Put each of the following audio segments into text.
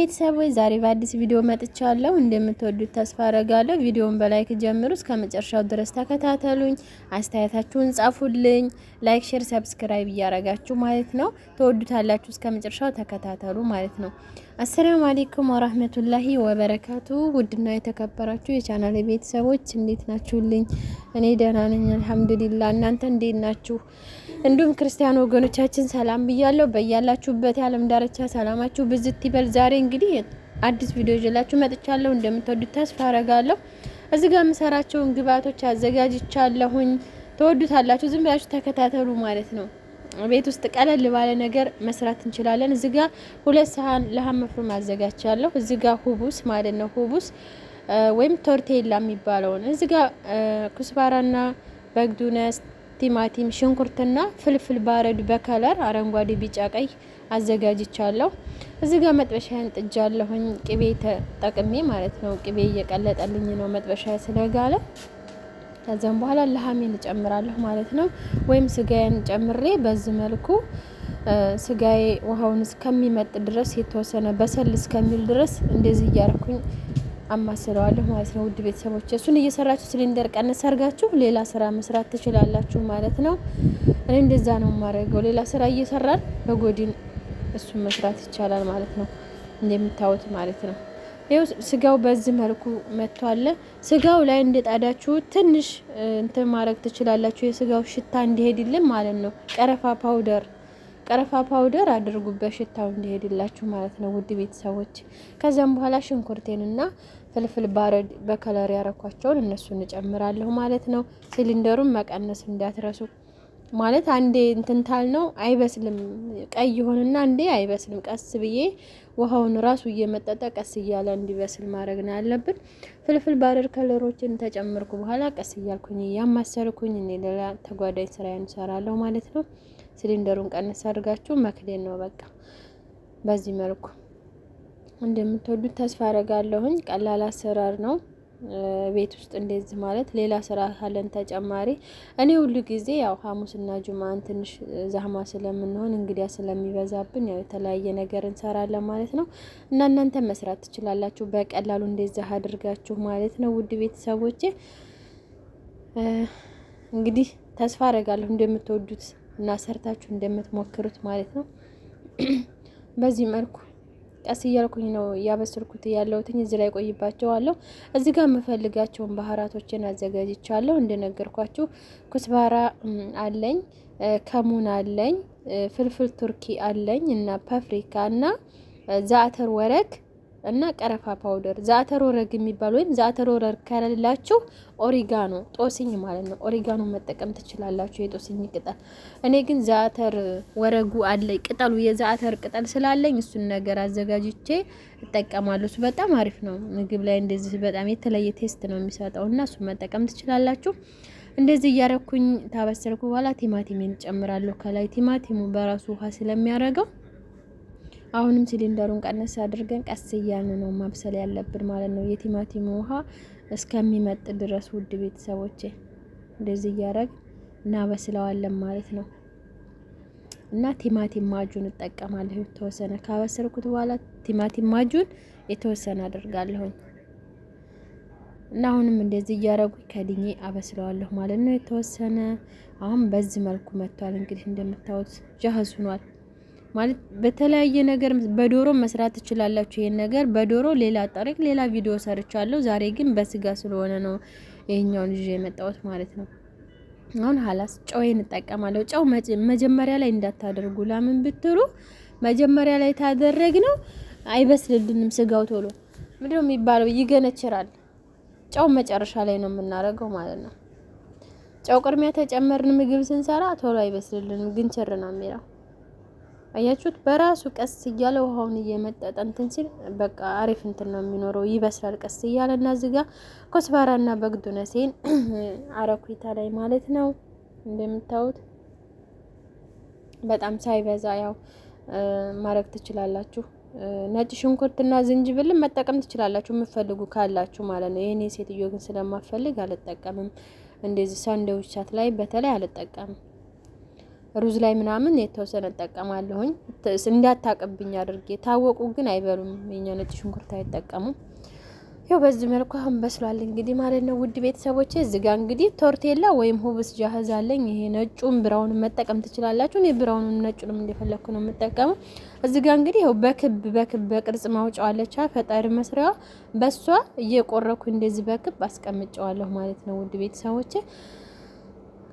ቤተሰቦች ዛሬ በአዲስ ቪዲዮ መጥቻለሁ። እንደምትወዱት ተስፋ አረጋለሁ። ቪዲዮውን በላይክ ጀምሩ፣ እስከ መጨረሻው ድረስ ተከታተሉኝ፣ አስተያየታችሁን ጻፉልኝ። ላይክ፣ ሼር፣ ሰብስክራይብ እያረጋችሁ ማለት ነው። ተወዱታላችሁ፣ እስከ መጨረሻው ተከታተሉ ማለት ነው። አሰላሙ አሌይኩም ወራህመቱላሂ ወበረካቱ። ውድና የተከበራችሁ የቻናል ቤተሰቦች እንዴት ናችሁልኝ? እኔ ደህና ነኝ አልሐምዱሊላ። እናንተ እንዴት ናችሁ? እንዲሁም ክርስቲያን ወገኖቻችን ሰላም ብያለሁ። በያላችሁበት የዓለም ዳርቻ ሰላማችሁ ብዝት ይበል። ዛሬ እንግዲህ አዲስ ቪዲዮ ይዤላችሁ መጥቻለሁ። እንደምትወዱት ተስፋ አረጋለሁ። እዚህ ጋር የምሰራቸውን ግብአቶች አዘጋጅቻለሁኝ። ተወዱታላችሁ። ዝም ብላችሁ ተከታተሉ ማለት ነው። ቤት ውስጥ ቀለል ባለ ነገር መስራት እንችላለን። እዚህ ጋር ሁለት ሰሀን ለሀም መፍሩ ማዘጋጅቻለሁ። እዚህ ጋር ሁቡስ ማለት ነው። ሁቡስ ወይም ቶርቴላ የሚባለውን እዚህ ጋር ኩስባራና በግዱነስ ቲማቲም፣ ሽንኩርትና ፍልፍል ባረድ በከለር አረንጓዴ፣ ቢጫ፣ ቀይ አዘጋጅቻለሁ። እዚህ ጋር መጥበሻዬን ጥጃለሁኝ ቅቤ ተጠቅሜ ማለት ነው። ቅቤ እየቀለጠልኝ ነው መጥበሻ ስለጋለ። ከዛም በኋላ ለሀሜን እጨምራለሁ ማለት ነው። ወይም ስጋዬን ጨምሬ በዚህ መልኩ ስጋዬ ውሃውን እስከሚመጥ ድረስ የተወሰነ በሰል እስከሚል ድረስ እንደዚህ እያረኩኝ አማስለዋለሁ ማለት ነው። ውድ ቤተሰቦች እሱን እየሰራችሁ ሲሊንደር ቀነስ ሰርጋችሁ ሌላ ስራ መስራት ትችላላችሁ ማለት ነው። እኔ እንደዛ ነው የማደርገው። ሌላ ስራ እየሰራን በጎድን እሱን መስራት ይቻላል ማለት ነው። እንደምታዩት ማለት ነው። ይኸው ስጋው በዚህ መልኩ መጥቷል። ስጋው ላይ እንደጣዳችሁ ትንሽ እንትን ማድረግ ትችላላችሁ። የስጋው ሽታ እንዲሄድልን ማለት ነው። ቀረፋ ፓውደር ቀረፋ ፓውደር አድርጉበት ሽታው እንዲሄድላችሁ ማለት ነው። ውድ ቤተሰቦች ከዚያም በኋላ ሽንኩርቴንና ፍልፍል ባረድ በከለር ያረኳቸውን እነሱን እንጨምራለሁ ማለት ነው። ሲሊንደሩን መቀነስ እንዳትረሱ ማለት አንዴ እንትንታል ነው አይበስልም፣ ቀይ ይሆንና አንዴ አይበስልም። ቀስ ብዬ ውሃውን ራሱ እየመጠጠ ቀስ እያለ እንዲበስል ማድረግ ነው ያለብን። ፍልፍል ባረድ ከለሮችን ተጨምርኩ በኋላ ቀስ እያልኩኝ እያማሰልኩኝ እኔ ሌላ ተጓዳኝ ስራ እንሰራለሁ ማለት ነው። ሲሊንደሩን ቀነስ አድርጋችሁ መክደን ነው በቃ በዚህ መልኩ እንደምትወዱት ተስፋ አረጋለሁኝ። ቀላል አሰራር ነው። ቤት ውስጥ እንደዚህ ማለት ሌላ ስራ ካለን ተጨማሪ እኔ ሁሉ ጊዜ ያው ሐሙስና ጁማን ትንሽ ዛህማ ስለምንሆን እንግዲያ ስለሚበዛብን ያው የተለያየ ነገር እንሰራለን ማለት ነው። እና እናንተ መስራት ትችላላችሁ በቀላሉ እንደዚህ አድርጋችሁ ማለት ነው። ውድ ቤተሰቦቼ እንግዲህ ተስፋ አረጋለሁ እንደምትወዱት እና ሰርታችሁ እንደምትሞክሩት ማለት ነው። በዚህ መልኩ ቀስ እያልኩኝ ነው እያበስልኩት ያለሁት እዚህ ላይ ቆይባቸዋለሁ። እዚህ ጋር የምፈልጋቸውን ባህራቶችን አዘጋጅቻለሁ። እንደነገርኳችሁ ኩስባራ አለኝ፣ ከሙን አለኝ፣ ፍልፍል ቱርኪ አለኝ እና ፓፍሪካ እና ዛአተር ወረክ እና ቀረፋ ፓውደር ዛተር ወረግ የሚባል ወይም ዛተር ወረግ ከሌላችሁ ኦሪጋኖ ጦስኝ ማለት ነው። ኦሪጋኖ መጠቀም ትችላላችሁ፣ የጦስኝ ቅጠል። እኔ ግን ዛተር ወረጉ አለ ቅጠሉ፣ የዛተር ቅጠል ስላለኝ እሱን ነገር አዘጋጅቼ እጠቀማለሁ። እሱ በጣም አሪፍ ነው። ምግብ ላይ እንደዚህ በጣም የተለየ ቴስት ነው የሚሰጠው እና እሱን መጠቀም ትችላላችሁ። እንደዚህ እያረኩኝ ታበሰርኩ በኋላ ቲማቲሜን ጨምራለሁ። ከላይ ቲማቲሙ በራሱ ውሃ ስለሚያረገው አሁንም ሲሊንደሩን ቀነስ አድርገን ቀስ እያልን ነው ማብሰል ያለብን ማለት ነው። የቲማቲም ውሃ እስከሚመጥ ድረስ ውድ ቤተሰቦች እንደዚህ እያደረግ እናበስለዋለን ማለት ነው። እና ቲማቲም ማጁን እጠቀማለሁ የተወሰነ ካበሰርኩት በኋላ ቲማቲም ማጁን የተወሰነ አድርጋለሁኝ እና አሁንም እንደዚህ እያደረጉ ከድኜ አበስለዋለሁ ማለት ነው። የተወሰነ አሁን በዚህ መልኩ መጥቷል። እንግዲህ እንደምታዩት ጃህዝ ሆኗል። ማለት በተለያየ ነገር በዶሮ መስራት ትችላላችሁ። ይሄን ነገር በዶሮ ሌላ ጠሪቅ ሌላ ቪዲዮ ሰርቻለሁ። ዛሬ ግን በስጋ ስለሆነ ነው ይሄኛውን ይዤ የመጣሁት ማለት ነው። አሁን ሀላስ ጨው እንጠቀማለሁ። ጨው መጀመሪያ ላይ እንዳታደርጉ። ለምን ብትሉ መጀመሪያ ላይ ታደረግ ነው አይበስልልንም ስጋው ቶሎ ምንድነው የሚባለው ይገነችራል። ጨው መጨረሻ ላይ ነው የምናደርገው ማለት ነው። ጨው ቅድሚያ ተጨመርን ምግብ ስንሰራ ቶሎ አይበስልልንም፣ ግንችር ነው የሚለው አያችሁት? በራሱ ቀስ እያለ ውሃውን እየመጠጠ እንትን ሲል በቃ አሪፍ እንትን ነው የሚኖረው፣ ይበስላል ቀስ እያለ እና እዚህ ጋር ኮስባራና በግዱነሴን አረኩታ ላይ ማለት ነው እንደምታዩት በጣም ሳይበዛ ያው ማድረግ ትችላላችሁ። ነጭ ሽንኩርትና ዝንጅብልን መጠቀም ትችላላችሁ የምፈልጉ ካላችሁ ማለት ነው። ይህኔ ሴትዮ ግን ስለማፈልግ አልጠቀምም። እንደዚህ ሳንድዊቻት ላይ በተለይ አልጠቀምም። ሩዝ ላይ ምናምን የተወሰነ እጠቀማለሁኝ እንዳታቅብኝ አድርጌ። ታወቁ ግን አይበሉም። የኛ ነጭ ሽንኩርት አይጠቀሙም። ያው በዚህ መልኩ አሁን በስሏል እንግዲህ ማለት ነው። ውድ ቤተሰቦች እዚህ ጋር እንግዲህ ቶርቴላ ወይም ሁብስ ጃህዝ አለኝ። ይሄ ነጩን ብራውን መጠቀም ትችላላችሁ። እኔ ብራውኑን ነጩንም እንደፈለኩ ነው የምጠቀመው። እዚህ ጋር እንግዲህ ያው በክብ በክብ በቅርጽ ማውጫዋለቻ ፈጣሪ መስሪያዋ በሷ እየቆረኩ እንደዚህ በክብ አስቀምጨዋለሁ ማለት ነው ውድ ቤተሰቦቼ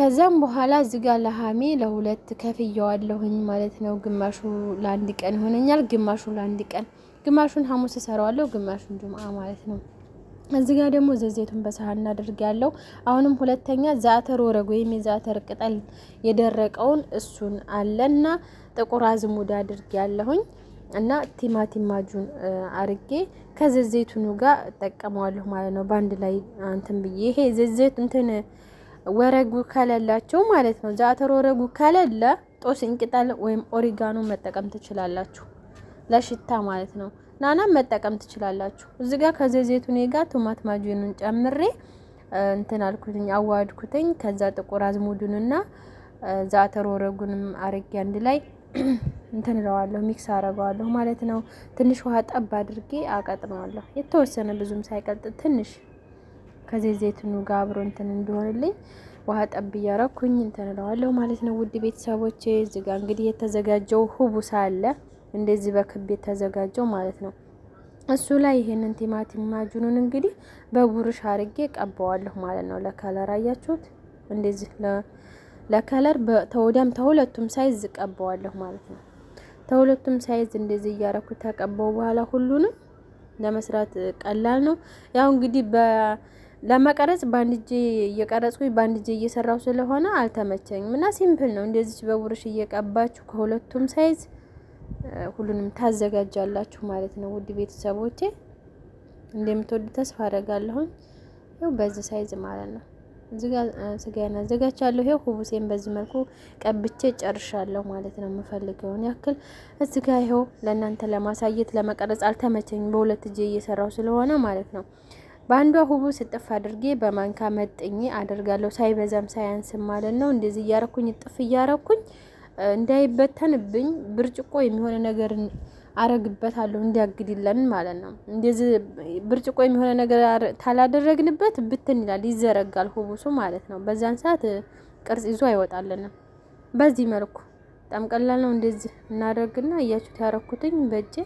ከዛም በኋላ እዚህ ጋር ለሀሜ ለሁለት ከፍየዋለሁኝ ማለት ነው። ግማሹ ለአንድ ቀን ይሆነኛል፣ ግማሹ ለአንድ ቀን፣ ግማሹን ሐሙስ እሰራዋለሁ፣ ግማሹን ጁምአ ማለት ነው። እዚህ ጋር ደግሞ ዘዜቱን በሳህን አድርግ ያለው አሁንም ሁለተኛ ዛተር ወረግ ወይም የዛተር ቅጠል የደረቀውን እሱን አለና ጥቁር አዝሙድ አድርግ ያለሁኝ እና ቲማቲም አርጌ ከዘዜቱኑ ጋር እጠቀመዋለሁ ማለት ነው። በአንድ ላይ አንትን ብዬ ይሄ ዘዜት እንትን ወረጉ ከሌላቸው ማለት ነው። ዛተር ወረጉ ከሌለ ጦስኝ ቅጠል ወይም ኦሪጋኖ መጠቀም ትችላላችሁ፣ ለሽታ ማለት ነው። ናናም መጠቀም ትችላላችሁ። እዚህ ጋር ከዘይቱን ጋር ቶማት ማጅኑን ጨምሬ እንትን አልኩትኝ አዋድኩትኝ። ከዛ ጥቁር አዝሙዱንና ዛተር ወረጉንም አርጌ አንድ ላይ እንትን እለዋለሁ ሚክስ አረገዋለሁ ማለት ነው። ትንሽ ውሃ ጠብ አድርጌ አቀጥነዋለሁ የተወሰነ ብዙም ሳይቀልጥ ትንሽ ከዚህ ዘይትኑ ጋር አብሮ እንትን እንዲሆንልኝ ውሃ ጠብ እያረኩኝ እንትን እለዋለሁ ማለት ነው። ውድ ቤተሰቦቼ እዚህ ጋር እንግዲህ የተዘጋጀው ሁቡሳ አለ እንደዚህ በክብ የተዘጋጀው ማለት ነው። እሱ ላይ ይሄንን ቲማቲም ማጁኑን እንግዲህ በቡርሽ አርጌ ቀባዋለሁ ማለት ነው። ለከለር አያችሁት፣ እንደዚህ ለከለር ተወዳም ተሁለቱም ሳይዝ ቀባዋለሁ ማለት ነው። ተሁለቱም ሳይዝ እንደዚህ እያረኩት ተቀባው በኋላ ሁሉንም ለመስራት ቀላል ነው። ያው እንግዲህ በ ለመቀረጽ በአንድ እጄ እየቀረጽኩኝ በአንድ እየሰራው ስለሆነ አልተመቸኝም እና ሲምፕል ነው። እንደዚች በቡርሽ እየቀባችሁ ከሁለቱም ሳይዝ ሁሉንም ታዘጋጃላችሁ ማለት ነው። ውድ ቤተሰቦቼ እንደምትወዱ ተስፋ አደርጋለሁኝ። ይኸው በዚህ ሳይዝ ማለት ነው። እዚህ ጋር ስጋዬን አዘጋጃለሁ። ሁቡሴን በዚህ መልኩ ቀብቼ ጨርሻለሁ ማለት ነው። የምፈልገውን ያክል እዚህ ጋር ለእናንተ ለማሳየት ለመቀረጽ አልተመቸኝም፣ በሁለት እጄ እየሰራው ስለሆነ ማለት ነው። በአንዷ ሁቡስ ስጥፍ አድርጌ በማንካ መጥኝ አደርጋለሁ። ሳይበዛም ሳያንስም ማለት ነው። እንደዚህ እያረኩኝ እጥፍ እያረኩኝ እንዳይበተንብኝ ብርጭቆ የሚሆነ ነገር አረግበታለሁ እንዲያግድለን ማለት ነው። እንደዚህ ብርጭቆ የሚሆነ ነገር ታላደረግንበት ብትን ይላል፣ ይዘረጋል ሁቡሱ ማለት ነው። በዛን ሰዓት ቅርጽ ይዞ አይወጣልንም። በዚህ መልኩ በጣም ቀላል ነው። እንደዚህ እናደርግና እያችሁት ያረኩትኝ በእጄ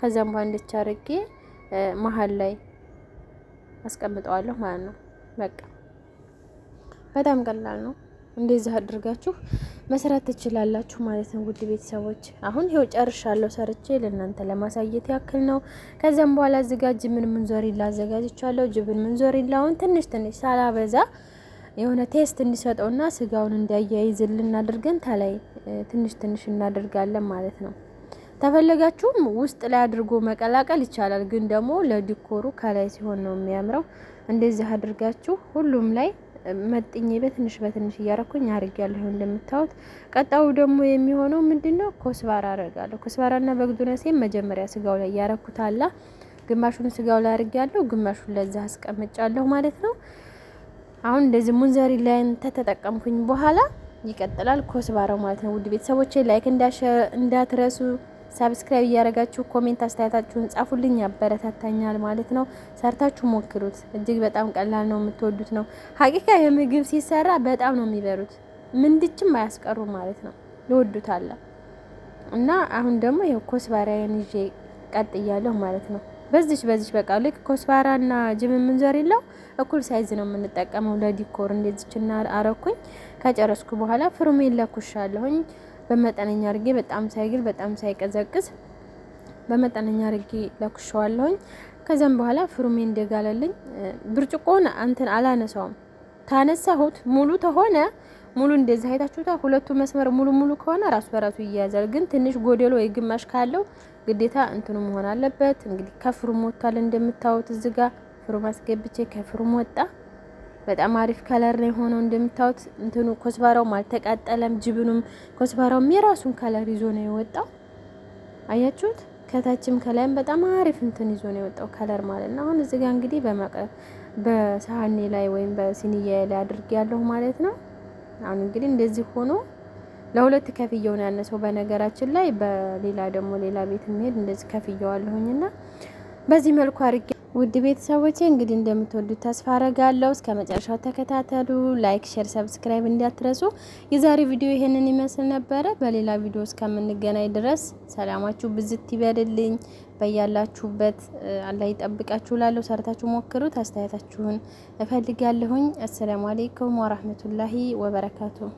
ከዛም ባንድቻ አርጌ መሀል ላይ አስቀምጠዋለሁ ማለት ነው። በቃ በጣም ቀላል ነው። እንደዚህ አድርጋችሁ መስራት ትችላላችሁ ማለት ነው። ውድ ቤተሰቦች አሁን ይኸው ጨርሻለሁ ሰርቼ ለእናንተ ለማሳየት ያክል ነው። ከዚያም በኋላ አዘጋጅ ምን ምን ዞር ይላ አዘጋጅቻለሁ። ጅብን ምን ዞር ትንሽ ትንሽ ሳላበዛ የሆነ ቴስት እንዲሰጠውና ስጋውን እንዲያያይዝልን አድርገን ታላይ ትንሽ ትንሽ እናደርጋለን ማለት ነው። ተፈለጋችሁም ውስጥ ላይ አድርጎ መቀላቀል ይቻላል። ግን ደግሞ ለዲኮሩ ከላይ ሲሆን ነው የሚያምረው። እንደዚህ አድርጋችሁ ሁሉም ላይ መጥኜ በትንሽ በትንሽ እያረኩኝ አርጌያለሁ። እንደምታዩት ቀጣዩ ደግሞ የሚሆነው ምንድነው? ኮስባራ አረጋለሁ። ኮስባራና በግዱነሴ መጀመሪያ ስጋው ላይ ያረኩታላ። ግማሹን ስጋው ላይ አርጌያለሁ፣ ግማሹን ለዛ አስቀምጫለሁ ማለት ነው። አሁን እንደዚህ ሙንዘሪ ላይ ተተጠቀምኩኝ በኋላ ይቀጥላል ኮስባራው ማለት ነው። ውድ ቤተሰቦቼ ላይክ እንዳትረሱ። ሰብስክራይብ እያደረጋችሁ ኮሜንት አስተያየታችሁን ጻፉልኝ፣ ያበረታታኛል ማለት ነው። ሰርታችሁ ሞክሩት። እጅግ በጣም ቀላል ነው፣ የምትወዱት ነው። ሀቂቃ የምግብ ሲሰራ በጣም ነው የሚበሩት ምንድችም አያስቀሩ ማለት ነው። ይወዱታል። እና አሁን ደግሞ ኮስባራ ይዤ ቀጥ እያለሁ ማለት ነው። በዚች በዚች በቃ ልክ እና ጅም ምንዘር የለው እኩል ሳይዝ ነው የምንጠቀመው ለዲኮር እንደዚችና አረኩኝ። ከጨረስኩ በኋላ ፍርሜን ለኩሻለሁኝ። በመጠነኛ አድርጌ በጣም ሳይግል በጣም ሳይቀዘቅዝ በመጠነኛ አድርጌ ለኩሸዋለሁኝ። ከዚያም በኋላ ፍሩሜ እንደጋለልኝ ብርጭቆን አንተን አላነሳውም። ታነሳሁት ሙሉ ተሆነ ሙሉ እንደዚህ አይታችሁታ። ሁለቱ መስመር ሙሉ ሙሉ ከሆነ ራሱ በራሱ ይያያዛል። ግን ትንሽ ጎደሎ ወይ ግማሽ ካለው ግዴታ እንትኑ መሆን አለበት። እንግዲህ ከፍሩም ወጥቷል እንደምታዩት እዚህ ጋር ፍሩም አስገብቼ ከፍሩም ወጣ። በጣም አሪፍ ከለር ነው የሆነው። እንደምታዩት እንትኑ ኮስባራውም አልተቃጠለም፣ ጅብኑም ኮስባራውም የራሱን ከለር ይዞ ነው የወጣው። አያችሁት? ከታችም ከላይም በጣም አሪፍ እንትን ይዞ ነው የወጣው ከለር ማለት ነው። አሁን እዚህ ጋር እንግዲህ በሰሀኔ ላይ ወይም በሲኒያ ላይ አድርግ ያለሁ ማለት ነው። አሁን እንግዲህ እንደዚህ ሆኖ ለሁለት ከፍየውን ያነሰው በነገራችን ላይ በሌላ ደግሞ ሌላ ቤት የሚሄድ እንደዚህ ከፍየዋለሁኝና በዚህ መልኩ አድርጌ ውድ ቤተሰቦቼ እንግዲህ እንደምትወዱት ተስፋ አረጋለሁ። እስከ መጨረሻው ተከታተሉ። ላይክ፣ ሼር፣ ሰብስክራይብ እንዳትረሱ። የዛሬ ቪዲዮ ይሄንን ይመስል ነበረ። በሌላ ቪዲዮ እስከምንገናኝ ድረስ ሰላማችሁ ብዝት ይበልልኝ። በያላችሁበት አላህ ይጠብቃችሁ። ላለሁ ሰርታችሁ ሞክሩት። አስተያየታችሁን እፈልጋለሁኝ። አሰላሙ አሌይኩም ወራህመቱላሂ ወበረካቱ